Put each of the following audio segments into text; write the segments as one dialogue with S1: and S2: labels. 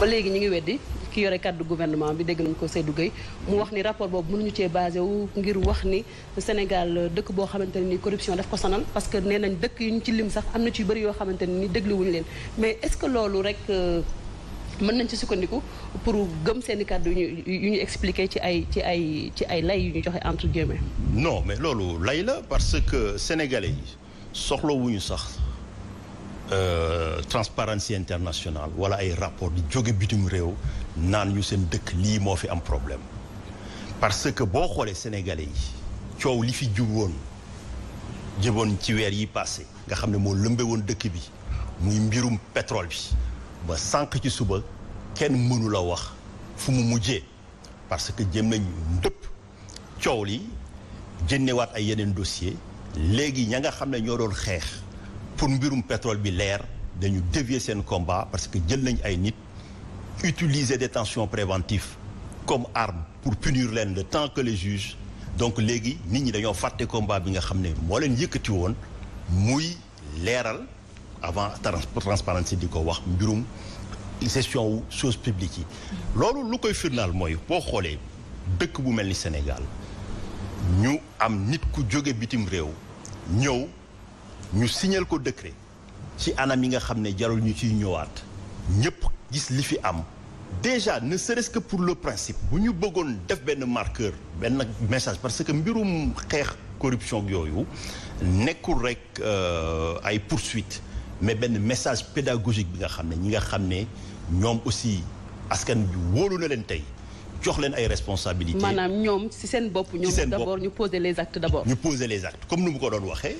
S1: ba léegi ñu ngi weddi ki yore kàddu gouvernement bi dégg nañ ko Seydou Gueye mu wax ni rapport boobu mënuñu cee basé wu ngir wax ni Sénégal dëkk boo xamante ne ni corruption daf ko sanal parce que nee nañ dëkk yu ñu ci lim sax am na ci yu bëri yoo xamante ne ni dégluwuñu leen mais est-ce que loolu rek euh, mën nañ ci sukkandiku pour gëm seen i kàddu yu ñu yu ñu expliqué ci ay ci ay ci ay lay yu ñu joxe entre guillemets.
S2: non mais loolu lay la parce que sénégalais yi soxlawuñu sax. Euh, Transparency International wala ay rapport di jóge bitim réew naan ñu seen dëkk lii moo fi am problème parce que boo xoolee sénégalais yi coow li fi jub woon jëboon ci weer yi passé nga xam ne moo lëmbe woon dëkk bi muy mbirum pétrole bi ba sànq ci suba kenn mënu wax fu mu mujjee parce que jëm nañu ndëpp coow li jënnewaat ay yeneen dossier léegi ña nga xam ne ñoo doon xeex pour mbirum pétrole bi leer dañu dévier seen combat parce que jël nañ ay nit utiliser détention préventive comme arme pour punir leen le temps que les juges donc léegi nit ñi dañoo fàtte combat bi nga xam ne moo leen yëkkati woon muy leeral avant transparence di ko wax mbirum gestion wu chose publique yi loolu lu koy firnaal mooy boo xoolee dëkk bu mel ni Sénégal ñu am nit ku jóge bitim réew ñëw ñu signal ko décret ci anam yi nga xam ne jarul ñu ciy ñëwaat ñëpp gis li fi am déjà ne serait-ce que pour le principe bu ñu bëggoon def benn marqueur benn message parce que mbirum xeex corruption yooyu nekkul rek euh, ay poursuite mais benn message pédagogique bi nga xam ne ñi nga xam ne ñoom aussi askan bi wóolu na leen tey jox leen ay responsabilités. maanaam
S1: ñoom ci seen bopp. ñoom d'abord ñu poser les actes d'abord. ñu
S2: poser les actes comme nu mu ko doon waxee.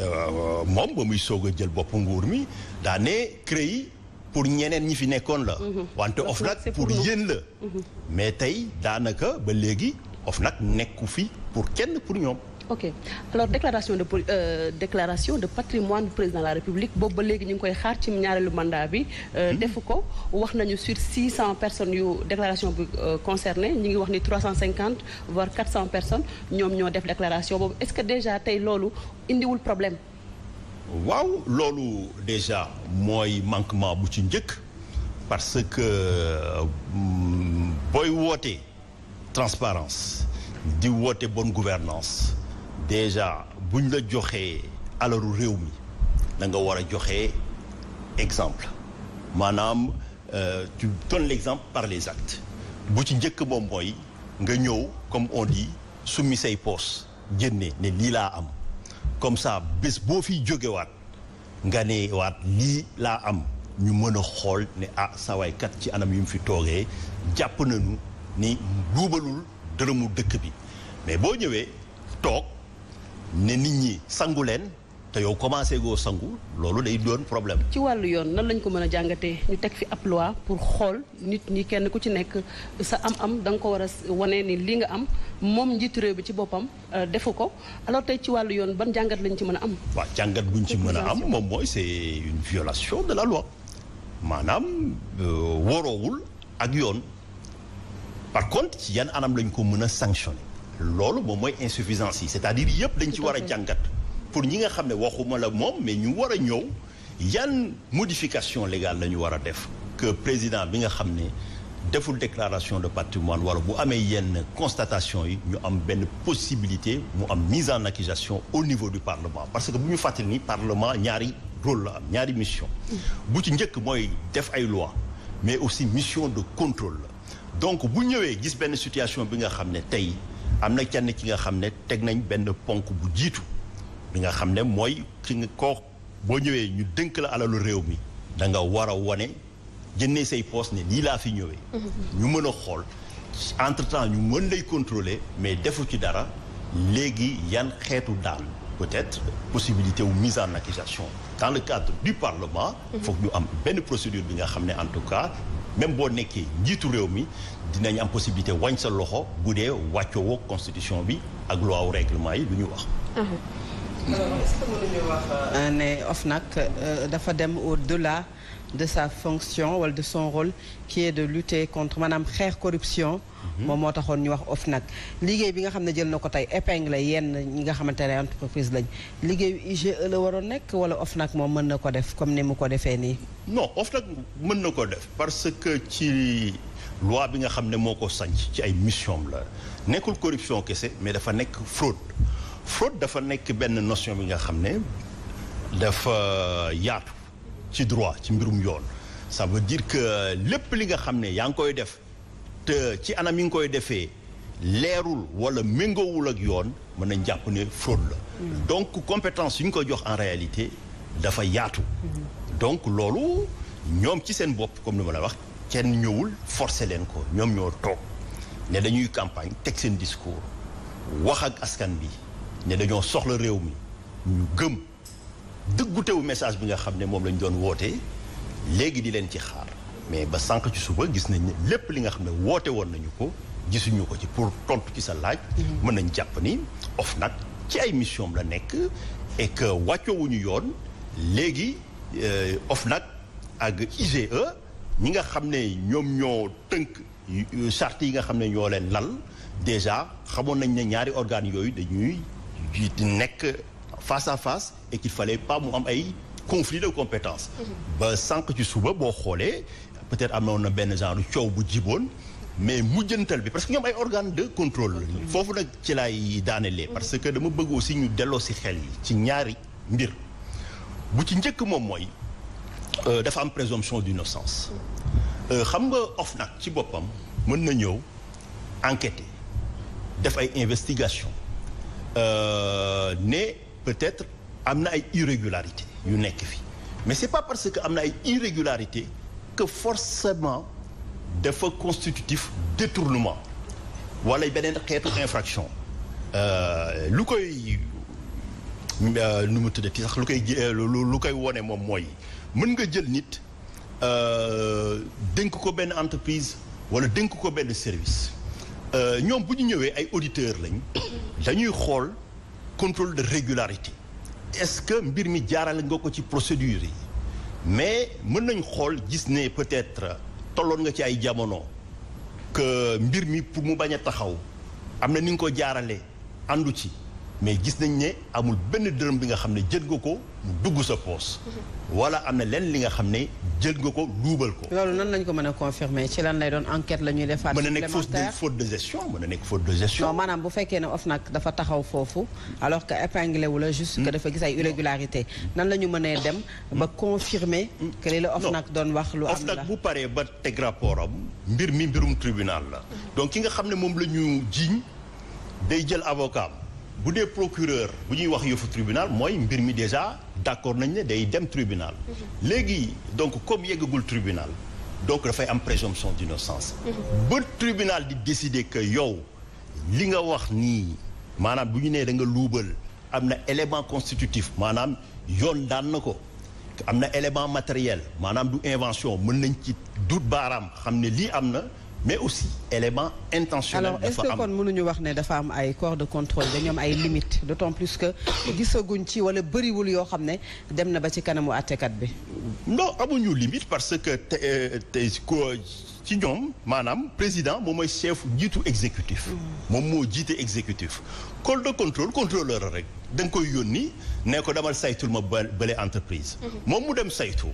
S2: Euh, moom ba muy soog a jël bopp nguur mi daa ne CREI pour ñeneen ñi fi nekkoon la. Mhm. wante OFNAC pour yéen la. Mhm. mais tey daanaka ba léegi of nag nekku fi pour kenn pour ñoom.
S1: ok alors déclaration de euh, déclaration de patrimoine du président de la république boobu ba léegi ñu ngi koy xaar ci ñaareelu mandat bi. Euh, hmm. defu ko wax nañu sur 600 personnes yu déclaration bu euh, concerné ñi ngi wax ni 350 voire 400 personnes ñoom ñoo def déclaration boobu est-ce que déjà tey loolu indiwul problème.
S2: waaw loolu déjà mooy manquement bu ci njëkk parce que hmm, booy woote transparence di woote bonne gouvernance déjà buñ la joxee alalu réew mi da nga war a joxe exemple maanaam euh, tu donnes l'exemple par les actes bu ci njëkk moom mooy nga ñëw comme on dit summi say poos génne ne lii laa am comme ça bés boo fiy jógewaat nga ne waat lii laa am ñu mën a xool ne ah sawaaykat ci anam yu mu fi toogee jàpp nañu ni duubalul dërëmu dëkk bi mais boo ñëwee toog ne nit ñi sangu leen te yow commencé goo sangu loolu day doon problème.
S1: ci wàllu yoon nan lañ ko mën a jàngatee ñu teg fi ab loi pour xool nit ñi kenn ku ci nekk sa am-am da nga ko war a wane nii lii nga am moom njiit réew bi ci boppam euh, defu ko alors tey ci wàllu yoon ban jàngat lañu ci mën a am.
S2: waaw jàngat buñ ci mën a am moom mooy c'est une violation de la loi maanaam euh, woroowul ak yoon par contre ci yan anam lañ ko mën a sanctionner. loolu moom mooy insuffisance yi c'est-à-dire yëpp dañ ci war jàngat pour ñi nga xam ne waxuma la moom mais ñu war a ñëw yan modification légale la ñu war a def que président bi nga xam ne deful déclaration de patrimoine wala bu amee yenn constatation yi ñu am benn possibilité mu am mise en accusation au niveau du parlement parce que bu ñu fàttali ni parlement ñaari rôle la am ñaari mission bu ci njëkk mooy def ay loi mais aussi mission de contrôle la donc bu ñëwee gis benn situation bi nga xam ne tey am na kenn ki nga xam ne teg nañ benn ponk bu jiitu bi nga xam ne mooy ki nga koo boo ñëwee ñu dënk la alalu réew mi da nga war a wone jënnee say poos ne nii laa fi ñëwee mhm. ñu mën a xool entre ñu mën lay contrôler mais defu ci dara léegi yan xeetu daal peut-être possibilité wu mise en accusation dans le cadre du parlement mhm. foog ñu am benn procédure bi nga xam ne en tout cas même boo nekkee njiitu réew mi dinañ am possibilité wañ sa loxo bu dee wàccoowoo constitution bi ak loi wu règlement yi lu ñu wax.
S3: alors euh, ne OFNAC euh, dafa dem au-delà de sa fonction wala de son rôle qui est de lutter contre maanaam xeex corruption. moom moo taxoon ñu wax OFNAC liggéey bi nga xam ne jël na ko tey épingle yenn ñi nga xamante ne entreprise lañ liggéeyu IGE la waroon nekk wala nag moom mën na ko def comme ni mu ko defee nii.
S2: non OFNAC mën na ko def parce que ci loi bi nga xam ne moo ko sanc ci ay mission la nekkul corruption kese mais dafa nekk fraude fraude dafa nekk benn notion bi nga xam ne dafa yaatu ci droit ci mbirum yoon ça veut dire que lépp li nga xam ne yaa ngi koy def. te ci anam yi nga koy defee leerul wala méngoowul ak yoon mën nañ jàpp ne fraude la mm-hmm. donc compétence yu ñu ko jox en réalité dafa yaatu mm-hmm. donc loolu ñoom ci seen bopp comme ni ma la wax kenn ñëwul forcer leen ko ñoom ñoo toog ne dañuy campagne teg seen discours wax ak askan bi ne dañoo soxla réew mi ñu gëm dëggutewu message bi nga xam ne moom lañ doon wootee léegi di leen ci xaar mais ba sànq ci suba gis nañ ne lépp li nga xam ne woote woon nañu ko gisuñu ko ci pour tontu ci sa laaj. Mm-hmm. mën nañ jàpp ni OFNAC ci ay mission la nekk et que wàccoowuñu yoon léegi euh, OFNAC ak IGE ñi nga xam ne ñoom ñoo tënk euh, charte yi nga xam ne ñoo leen lal déjà xamoon nañ ne ñaari organes yooyu dañuy di nekk face à face et qu'il fallait pas mu am ay conflit de compétence mm-hmm. ba sànq ci suba boo xoolee. peut-être amoon na benn genre coow bu jiboon mais mujjantal bi parce que ñoom ay organe de contrôle lañu mm-hmm. foofu nag ci laay daanelee parce que dama bëggoo aussi ñu delloo si xel yi ci ñaari mbir bu ci njëkk moom mooy euh, dafa am présomption d'innocence euh, xam nga nag ci boppam mën na ñëw enquêter def ay investigation euh, ne peut-être am na ay irrégularités yu nekk fi mais c'est pas parce que am na ay irrégularités que forcément dafa constitutif détournement wala beneen xeetu infraction euh, lu koy euh, nu mu tuddati sax lu koy lu koy wone moom mooy mën nga jël nit euh, dënk ko benn entreprise wala dénk ko benn service ñoom bu ñu ñëwee ay auditeurs lañ dañuy xool contrôle de régularité est-ce que mbir mi jaarale nga ko ci procédure yi mais mën nañ xool gis ne peut-être tolloon nga ci ay jamono que mbir mi pour mu bañ a taxaw am na ni nga ko jaarale àndu ci mais gis nañ ne amul benn dërëm bi nga xam ne jël nga ko dugg sa poos wala am na lenn li nga xam ne jël nga ko luubal ko.
S3: loolu nan lañ ko mën a confirmer ci lan lay doon enquête la ñuy defaat. mën na nekk fausse de faute de
S2: gestion mën na nekk faute de gestion.
S3: bu fekkee ne OFNAC dafa taxaw foofu alors que épinglé wu la juste que hmm. dafa gis ay irrégularité nan la ñu mënee dem. ba hmm. confirmer que li
S2: la OFNAC doon wax lu am la OFNAC bu paree ba teg rapport am mbir mi mbirum tribunal la. donc ki nga xam ne moom la ñu jiiñ day jël avocat bu dee procureur bu ñuy wax yëfu tribunal mooy mbir mi déjà d'accord nañ ne day dem tribunal. léegi donc comme yeggagul tribunal donc dafay am présomption d'innocence. ba tribunal di décider que yow li nga wax nii maanaam bu ñu nee da nga luubal am na élément constitutif maanaam yoon daan na ko. am na élément matériel maanaam du invention mën nañ ci dut baaraam xam ne lii am na. mais aussi élément intentionnel. alors est-ce que
S3: wax ne dafa am ay corps de contrôle dañu am ay limites d'autant plus que gisaguñ ci wala bëriwul yoo xam ne dem na ba ci kanamu àttekat bi.
S2: non amuñu limite parce que te euh, tey ci ñoom maanaam président moom mooy chef jiitu exécutif. Hmm. moom moo jiite exécutif. corps de contrôle contrôleur rek da koy koy yónni ne ko demal saytul ma bële entreprise. Hmm. moom mu dem saytu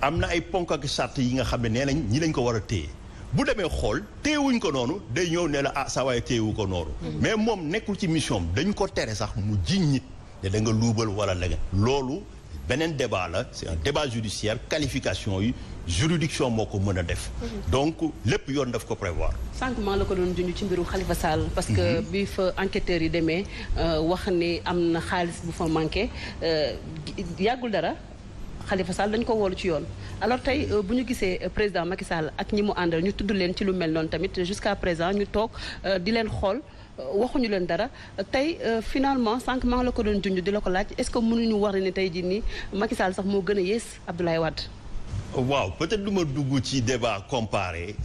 S2: am na ay ponk ak charte yi nga xam ne nee nañ ñi lañ ko war a téye. bu demee xool téyewuñ ko noonu day ñëw ne la ah saa waaye ko noonu. Mm-hmm. mais moom nekkul ci mission dañ ko tere sax mu jiñ nit ne da nga luubal wala leneen loolu beneen débat la c'est un débat judiciaire qualification yi juridiction moo ko mën a def. Mm-hmm. donc lépp yoon daf ko prévoir.
S1: sànq maa la ko doon junj ci mbiru Khalifa Sall. parce que mm-hmm. bi fa enquêteurs yi demee euh, wax ni am na xaalis bu fa manqué euh, yàggul dara. Khalifa Sall dañ ko woolu ci yoon alors tey euh, bu ñu gisee euh, président Macky Sall ak ñi mu àndal ñu tudd leen ci lu mel noonu tamit jusqu'à présent ñu toog euh, di leen xool waxuñu leen dara tey finalement sànq maa la ko doon junj di la ko laaj est-ce que ñu war ne tey jii nii Macky Sall sax moo gën a yées Abdoulaye Wade.
S2: waaw peut-être du ma dugg ci débat comparer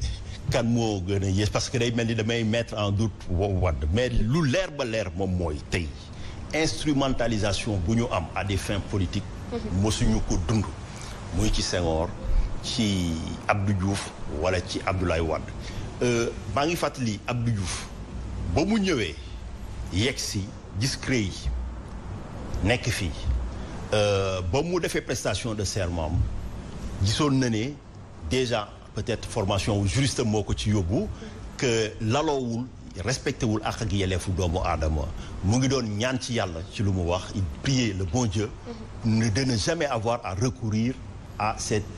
S2: kan moo gën a yées parce que day mel ni damay mettre en doute woowu Wade mais lu leer ba leer moom mooy tey instrumentalisation bu ñu am à des fins mosuñu ko dund muy ci Senghor ci Abdou Diouf wala ci Abdoulaye Wade euh, maa ngi fàttali Abdou Diouf ba mu ñëwee yegg si gis CREI yi nekk fii euh, ba mu defee prestation de serment gisoon na ne déjà peut-être formation juriste moo ko ci yóbbu que laloowul respecté wul ak ak yelleefu doomu aadama mu ngi doon ñaan ci yàlla ci lu mu wax il priait le bon Dieu ne mhm. de ne jamais avoir à recourir à cette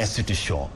S2: institution